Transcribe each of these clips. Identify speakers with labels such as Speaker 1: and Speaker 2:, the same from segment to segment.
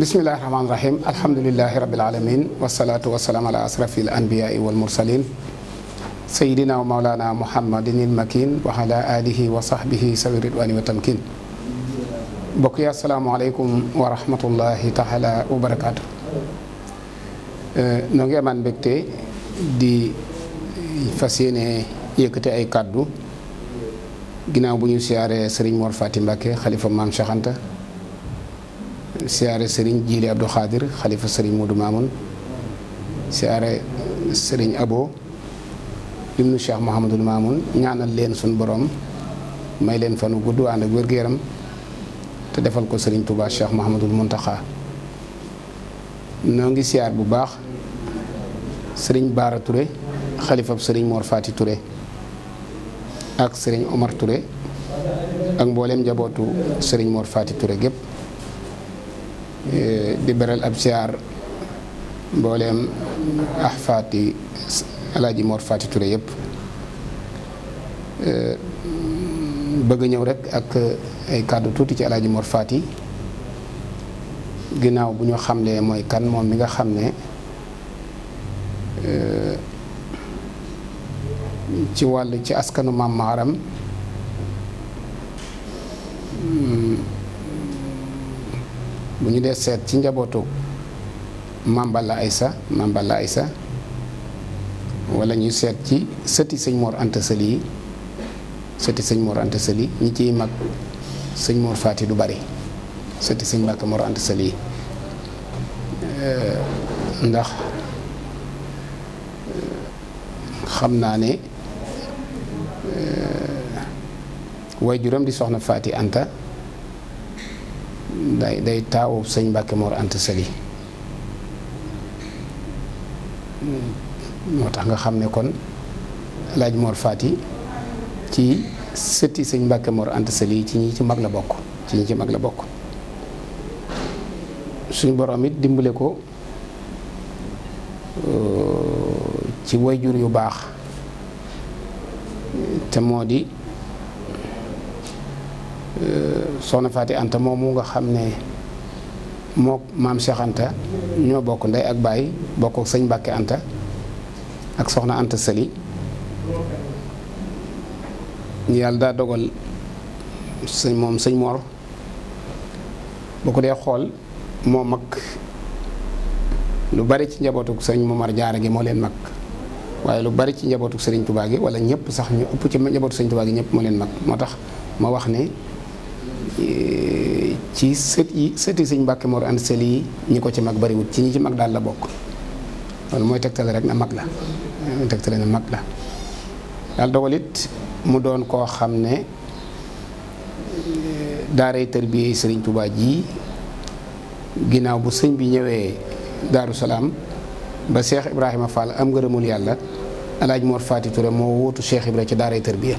Speaker 1: bismillahi rahmaani rahim alhamdulilahi rabil alamin wasalaatu wasalaam ala asrafi al anbiyaai wal mursalin sayidina wa maulana muhammadin il makin wa ala alihi wa sahbihi sawi ridwani wa tamkin mbokk yi asalaamualeykum wa barakaatu eh, noo amaan mbégte di fas yéene ay kàddu ginnaaw bu ñu siyaaree sëriñ Mor xalifa maam Cheikh siyaare sëriñ Jiili Abdou Khadir xalifa sëriñ Modou Mamoun siyaare sëriñ Abo ibnu Cheikh Mouhamadul Mamoun ñaanal leen suñ borom may leen fanu gudd ànd ak wér-gu-yaram te defal ko sëriñ Touba Cheikh Mouhamadul Mountakha noo ngi siyaar bu baax sëriñ Baara Touré xalifab sëriñ Mor Fati ture ak sëriñ Omar Touré ak mbooleem njabootu sëriñ moor Fati Touré gépp di beral ab siyaar mbooleem ax faati alaaji Mor Faati Ture yëpp eh, bëgg ñëw rek ak ay kàddu tuuti ci alaaji Mor Faati ginnaaw bu ñu xamlee mooy kan moom mi nga xam ne eh, ci wàll ci askanu maam hmm, bu ñu dee seet ci njabootu Mame Balla Aïssa Mame Balla Aïssa wala ñu seet ci sëti sëñ Mor Anta Sali yi sëti sëñ Mor Anta Sali ñi ciy mag sëñ Mor Faati du bari sëti sëñ Mbàkke Mor Anta Sali ndax xam naa ne juróom di soxna Faati Anta day day taawu sëñ Mbàkke Mor Anta Sali hmm. moo tax nga xam ne kon laaj Mor Faati ci sëti sëñ Mbàkke Mor Anta Sali ci ñi ci mag la bokk ci ñi ci mag la bokk suñ borom it dimbale ko uh, ci wayjur yu baax te moo di uh, soxna Faati Anta moomu nga xam ne mook maam Cheikh ñoo bokk ndey ak baay bokk ak sëñ Mbàkke Anta ak soxna Anta Sali yàlla daa dogal sëñ moom sëñ Mor bu ko dee xool moo mag lu bari ci njabootuk sëñ Momar Jaara gi moo leen mag waaye lu bari ci njabootuk sëriñ Tubaa gi wala ñëpp sax ñu ëpp ci njabootu sëriñ Tubaa gi ñëpp moo leen mag moo tax ma wax ne ci sët yi sëti sëñ Mbàkke Mor Anta Sali ñi ko ci mag bariwut ci ñi ci mag daal la bokk loolu mooy tegtale rek na mag la mooy tegtale mag la daal mu doon koo xam ne daaray tërbiyee sëriñ Tuubaa ji ginnaaw bu sëñ bi ñëwee Daaru Salaam ba Cheikh Ibrahima Fall am ngërëmul yàlla alaaj Mor Faati Touré moo wóotu Cheikh Ibra ci daaray tërbiyee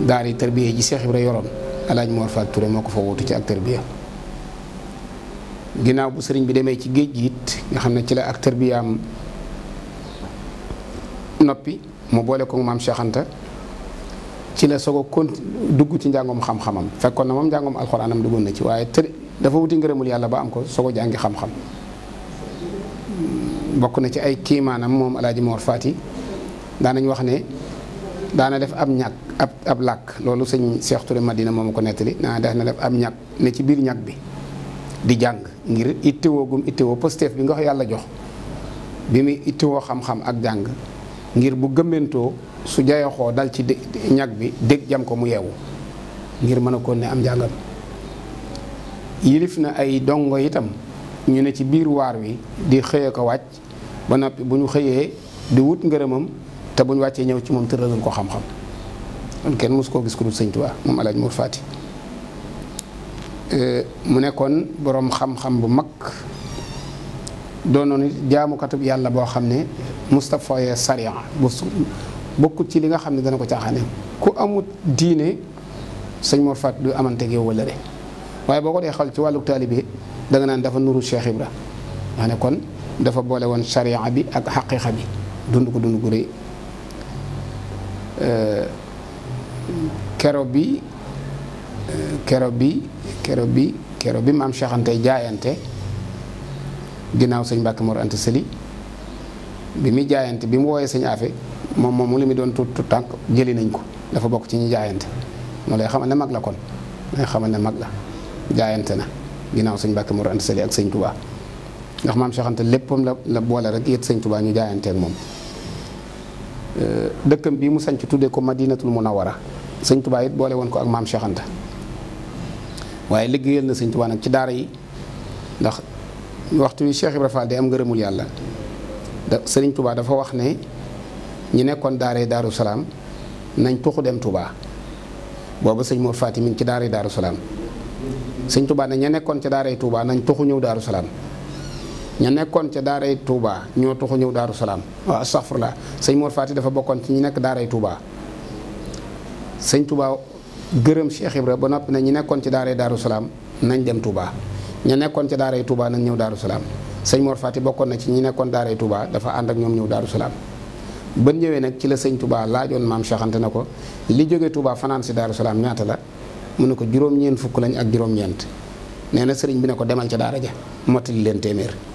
Speaker 1: daaray tërbiyee ji seex Ibra yoroon alaaj Mor Fall Touré moo ko fa wuutu ci ak bi ginnaaw bu sëriñ bi demee ci géej gi nga xam ne ci la acteur bi noppi mu boole ko maam Cheikh ci la soog a dugg ci njàngoom xam-xamam fekkoon na moom njàngoom alxuraanam duggoon na ci waaye tër dafa wuti ngërëmul yàlla ba am ko soo a jàngi xam-xam bokk na ci ay kiimaanam moom alaaji Mor Faati daanañ wax ne daana def ab ñàkk ab ab làkk loolu sëñ Cheikh Touré Madina moom ko nettali daana def na def ab ñàkk ne ci biir ñàkk bi di jàng ngir ittewoo gum ittewoo positif bi nga wax yàlla jox bi mu ittewoo xam-xam ak jàng ngir bu gëmmentoo su jayaxoo dal ci ñàkk bi dégg jam ko mu yeewu ngir mën a kon ne am njàngam yilif na ay dongo itam ñu ne ci biir waar wi di xëye ko wàcc ba noppi bu ñu xëyee di wut ngërëmam te bu wàccee ñëw ci moom tëralal ko xam-xam kon kenn mosu koo gis ku dul sëñ Tuubaa moom alaaj Mor Faati mu nekkoon boroom xam-xam bu mag doon doonoon jaamukatub yàlla boo xam ne Moustapha ya Sariya bu bokkut ci li nga xam ne dana ko caaxaane ku amut diine sëñ Mor Faati du amante ak waaye boo ko dee xal ci wàllu taalibe da nga naan dafa nuru Cheikh Ibra nga ne kon dafa boole woon Sariya bi ak xaqiiqa bi dund ko dund gu Euh, kero bi euh, kero bi kero bi kero bi maam Cheikh Anta jaayante ginnaaw sëñ Mbàkke Mor Anta Sëli bi muy jaayante bi mu wooyee sëñ Afe moom moom mu li mu doon tuut tuut tànk jëli nañ ko dafa bokk ci ñu jaayante moo lay xamal ne mag la kon lay xamal ne mag la jaayante na ginnaaw sëñ Mbàkke Mor Anta Sëli ak sëñ Touba ndax maam Cheikh Anta la la boole rek yët sëñ Touba ñu jaayante moom Euh, dëkkam bii mu sanc tuddee ko madinatul munawara sëñ tubaa it boole woon ko ak maam Cheikh waaye liggéeyal na sëñ tubaa nag ci daara yi ndax waxtu wi Cheikh Ibra Fall day am ngërëmul yàlla da sëriñ dafa wax ne ñi nekkoon daaree daaru salaam nañ tuxu dem tubaa booba sëñ Mor Faati mi ngi ci daaree yi salaam sëñ tubaa ne ña nekkoon ci daaree tubaa nañ tuxu ñëw daaru salaam ña nekkoon ca daaray Touba ñoo tuxu ñëw daaru salaam waaw astafurlah sëñ Mor Fati dafa bokkoon ci ñu nekk daaray Touba sëñ Touba gërëm Cheikh Ibra ba noppi ne ñu nekkoon ci daaray daaru salaam nañ dem Touba ña nekkoon ca daaray Touba nag ñëw daaru salaam sëñ Mor Fati bokkoon na ci ñi nekkoon daaray Touba dafa ànd ak ñoom ñëw daaru salaam ban ñëwee nag ci la sëñ Touba laajoon maam Cheikh Anta na ko li jógee Touba fanaan si daaru salaam ñaata la mun ne ko juróom-ñeent fukk lañ ak juróom-ñeent nee na sëriñ bi ne ko demal ca daara ja mottali leen téeméer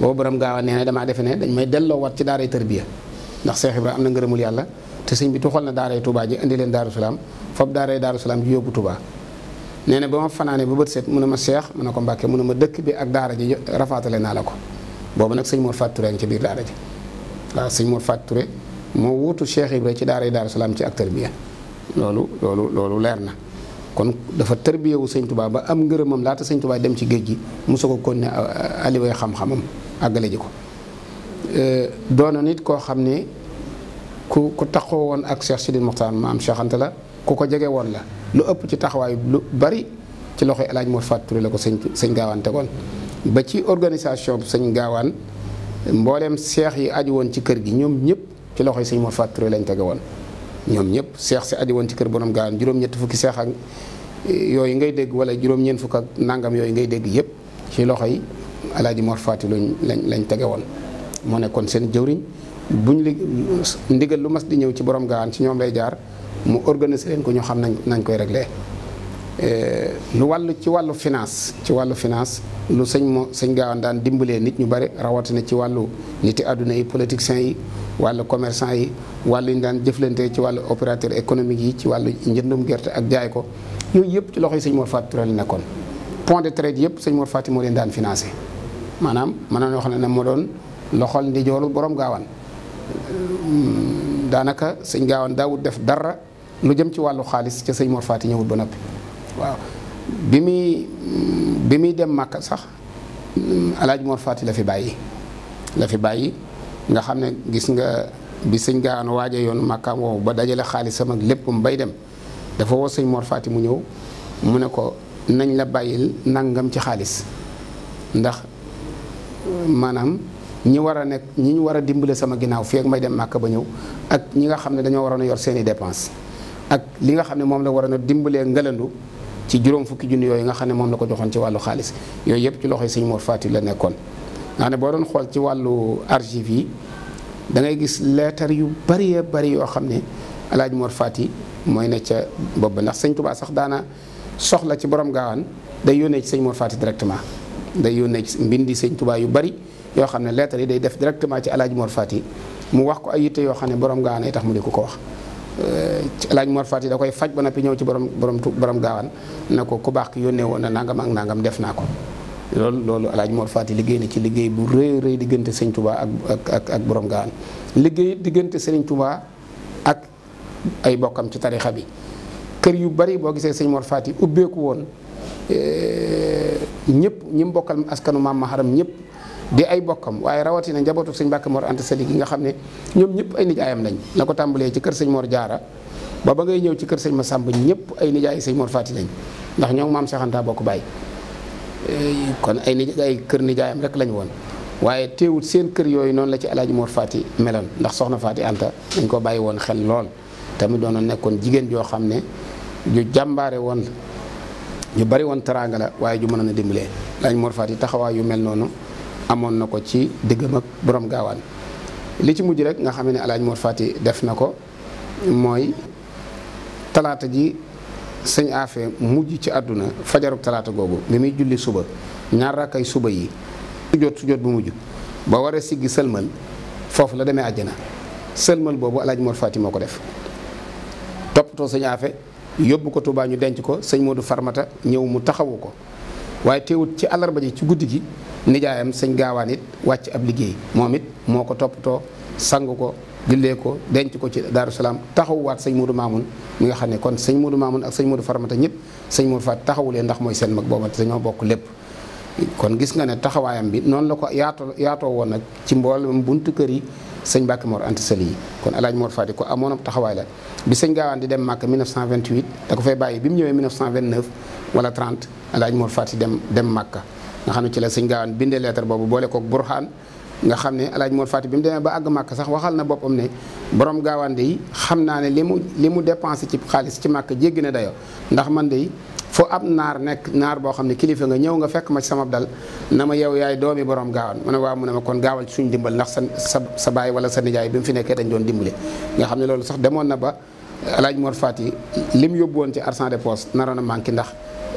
Speaker 1: boobu borom gaaw a nee ne damaa defe ne dañ may delloo wat ci daaray tarbiya ndax Seex Ibra am na ngërëmul yàlla te sëñ bi tuxal na daaray Touba ji indi leen Daaru Salaam foofu daaray Daaru Salaam ji yóbbu Touba nee na ba ma fanaanee ba bët set mu ne ma seex mu ne ko mbàkke mun ne ma dëkk bi ak daara ji rafaatale naa la ko boobu nag sëñ Mor Faturé ngi ci biir daara ji waaw sëñ Mor Faturé moo wuutu Cheikh Ibra ci daaray Daaru Salaam ci ak tarbiya loolu loolu loolu leer na kon dafa tarbiyewu sëñ Touba ba am ngërëmam laata sëñ Touba dem ci géej gi mosu ko kon ne aliway xam àggale ji ko euh, doono nit koo xam ne ku ku taxoo woon ak Cheikh Sidil Mokhtar maam Cheikh Anta la ku ko jege woon la lu ëpp ci taxawaay lu bari ci loxo El Hadj Mor Fatou la ko sëñ sëñ gaawaan ba ci organisation sëñ gaawaan mbooleem seex yi aju woon ci kër gi ñoom ñëpp ci loxoy sëñ Mor Fatou lañ tege woon ñoom ñëpp seex si aju woon ci kër borom gaawaan juróom-ñett fukki seex yooyu ngay dégg wala juróom-ñeent fukk ak nangam yooyu ngay dégg yëpp ci loxo yi alaaji Mor Faati lañ lañ lañ tege woon moo nekkoon seen jëwriñ buñ li ndigal lu mas di ñëw ci borom gaawaan ci ñoom lay jaar mu organiser leen ko ñu xam nañ nañ koy réglé eh, lu wàllu ci wàllu finance ci wàllu finance lu sëñ moo sëñ gaawaan daan dimbalee nit ñu bari rawatina ci wàllu niti adduna yi politiciens yi wàllu commerçant yi wàllu ñu daan jëflante ci wàllu opérateur économique yi ci wàllu njëndum gerte ak jaay ko yooyu yëpp ci loxoy sëñ Mor Faati Touré la nekkoon pont de traite yëpp sëñ Mor moo leen daan financé maanaam mën nañoo wax ne ne moo doon loxol ndi jooru boroom gaawaan daanaka sëñ gaawaan daawut def dara lu jëm ci wàllu xaalis ca sëñ Mor Fati ñëwut ba noppi waaw bi muy bi muy dem Màkka sax alaaj Mor Fati la fi bàyyi la fi bàyyi nga xam ne gis nga bi sëñ gaawaan waaje yoon Màkkaam woowu ba dajale xaalisam ak lépp mu bay dem dafa woo sëñ Mor Fati mu ñëw mu ne ko nañ la bàyyil nangam ci xaalis ndax maanaam ñi war a nekk ñi ñu war a dimbale sama ginnaaw fii may dem màkk ba ñëw ak ñi nga xam ne dañoo waroon a yor seeni dépense ak li nga xam ne moom la waroon a dimbalee ngëlandu ci juróom fukki junni yooyu nga xam ne moom la ko joxoon ci wàllu xaalis yooyu yëpp ci loxoy sëñ moor Fati la nekkoon. nga boo doon xool ci wàllu archive yi gis leetar yu bari bari yoo xam ne El Hadj Mor mooy ne ca bopp ndax sëñ Tuubaa sax daana soxla ci borom gaawaan day yónnee ci sëñ Mor Fati directement. day yónnee ci mbindi sëñ Tuubaa yu bari yoo xam ne lettre yi day def directement ci Alaaji Mor Fati mu wax ko ay yitte yoo xam ne borom gaawaan ay tax mu di ko ko wax eh, ci Alaaji Mor Fati da koy faj ba noppi ñëw ci borom borom borom gaawaan na ko ku baax ki yónnee woon na nangam ak nangam def naa ko loolu loolu Alaaji Mor Fati liggéey na ci liggéey bu rëy rëy diggante sëñ Tuubaa ak ak ak ak borom gaawaan liggéey diggante sëñ Tuubaa ak ay bokkam ci tarixa bi kër yu bari boo gisee sëñ Mor yi ubbeeku woon eh, ñëpp ñi mu bokkal askanu maam maharam ñëpp di ay bokkam waaye rawatina njabootu sëñ Mbàkke Mor Anta Sali gi nga xam ne ñoom ñëpp ay nijaayam lañ la ko tàmbalee ci kër sañ Mor Jaara ba ba ngay ñëw ci kër sëñ Masamba ñëpp ay nijaay sëñ Mor Faati lañ ndax ñoom maam seexantaa Anta bokk bàyyi eh, kon ay nij ay kër nijaayam rek lañu woon waaye teewut seen kër yooyu noonu la ci alaaji Mor Faati meloon ndax soxna Faati Anta dañ ko bàyyi woon xel lool tamit doonoon nekkoon jigéen joo xam ne ju jàmbaare woon ñu bari woon teraanga la waaye ju mën a dimbalee lañ Mor Fati taxawaay yu mel noonu amoon na ko ci diggam ak borom gaawaan li ci mujj rek nga xam ne alaaj Mor Fati def na ko mooy talaata ji sëñ Afe mujj ci àdduna fajarub talaata googu bi muy julli suba ñaar ay suba yi sujjoot sujjoot bu mujj ba waree siggi sëlmal foofu la demee àjjana sëlmal boobu alaaj Mor Fati moo ko def toppatoo sëñ yóbbu ko Touba ñu denc ko sëñ Modou Farmata ñëw mu taxawu ko waaye teewut ci àllarba ji ci guddi gi nijaayam sëñ gaawaan it wàcc ab liggéey moom it moo ko toppatoo sang ko gillee ko denc ko ci Daaru Salaam taxawuwaat sëñ Modou Mamoun mi nga xam ne kon sëñ Modou Mamoun ak sëñ Modou Farmata ñëpp sëñ Modou Faat taxawulee ndax mooy seen mag booba te dañoo bokk lépp kon gis nga ne taxawaayam bi noonu la ko yaatoo yaatoo woon nag ci mboolem bunt kër yi sëñ Mbàkke moor Anta Sali kon El Hadj Mor Fati ko amoon ab taxawaay la bi sëñ Gaawaan di dem Màkka 1928 da ko fay bàyyi bi mu ñëwee 1929 wala 30 El Hadj Mor Fati dem dem Màkka nga xam ne ci la sëñ Gaawaan bindee lettre boobu boole koog Burxaan nga xam ne El Hadj Mor Fati bi mu demee ba àgg Màkka sax waxal na boppam ne boroom Gaawaan de yi xam naa ne li mu li mu dépensé ci xaalis ci Màkka jéggi na dayoo ndax man de fu ab naar nekk naar boo xam ne kilifa nga ñëw nga fekk ma ci sama dal na ma yow yaay doomi borom gaawaan mu ne waaw mu ne ma kon gaawal ci suñ dimbal ndax sa sa baay wala sa nijaay bi mu fi nekkee dañ doon dimbale nga xam ne loolu sax demoon na ba alaaj Mor Fati li mu yóbbu woon ci argent de poche naroon a manqué ndax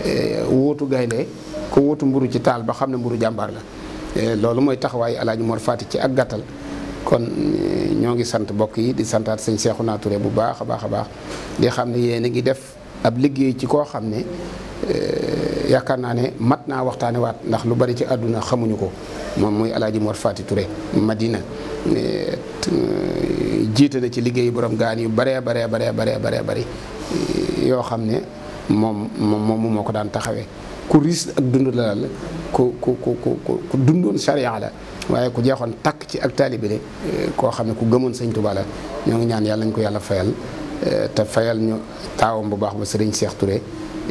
Speaker 1: eh, wóotu gaynde ku wóotu mburu ci taal ba xam ne mburu jàmbaar la eh, loolu mooy taxawaayu alaaj Mor Fati ci ak gàttal kon eh, ñoo ngi sant mbokk yi di santaat sëñ Cheikhouna naature bu baax a baax a baax di xam ne yéen a ngi def ab liggéey ci koo xam ne eh, yaakaar naa ne mat naa waxtaane waat ndax lu bari ci àdduna xamuñu ko moom muy alaaji Mor Fati ture Madina eh, eh, jiite na ci liggéey borom gaan yu baree baree baree baree baree bëri yoo xam ne moom moom moom moo ko daan taxawe ku riis ak dund la la ku ku ku ku ku dundoon charia la waaye ku jeexoon takk ci ak taalibe koo xam ne ku gëmoon sëñ Tuubaa ñoo ngi ñaan yàlla nañ ko yàlla fayal Euh, te fayal ñu taawam bu baax ba sëriñ Cheikh Touré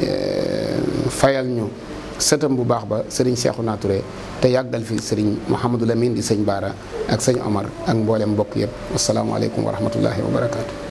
Speaker 1: euh, fayal ñu sëtam bu baax ba sëriñ Cheikhouna ture te yàggal fi sëriñ Mouhamadou Lamine di sëñ Baara ak sëñ Omar ak mboolem mbokk yëpp asalaamaaleykum wa rahmatullahi wa barakaatu.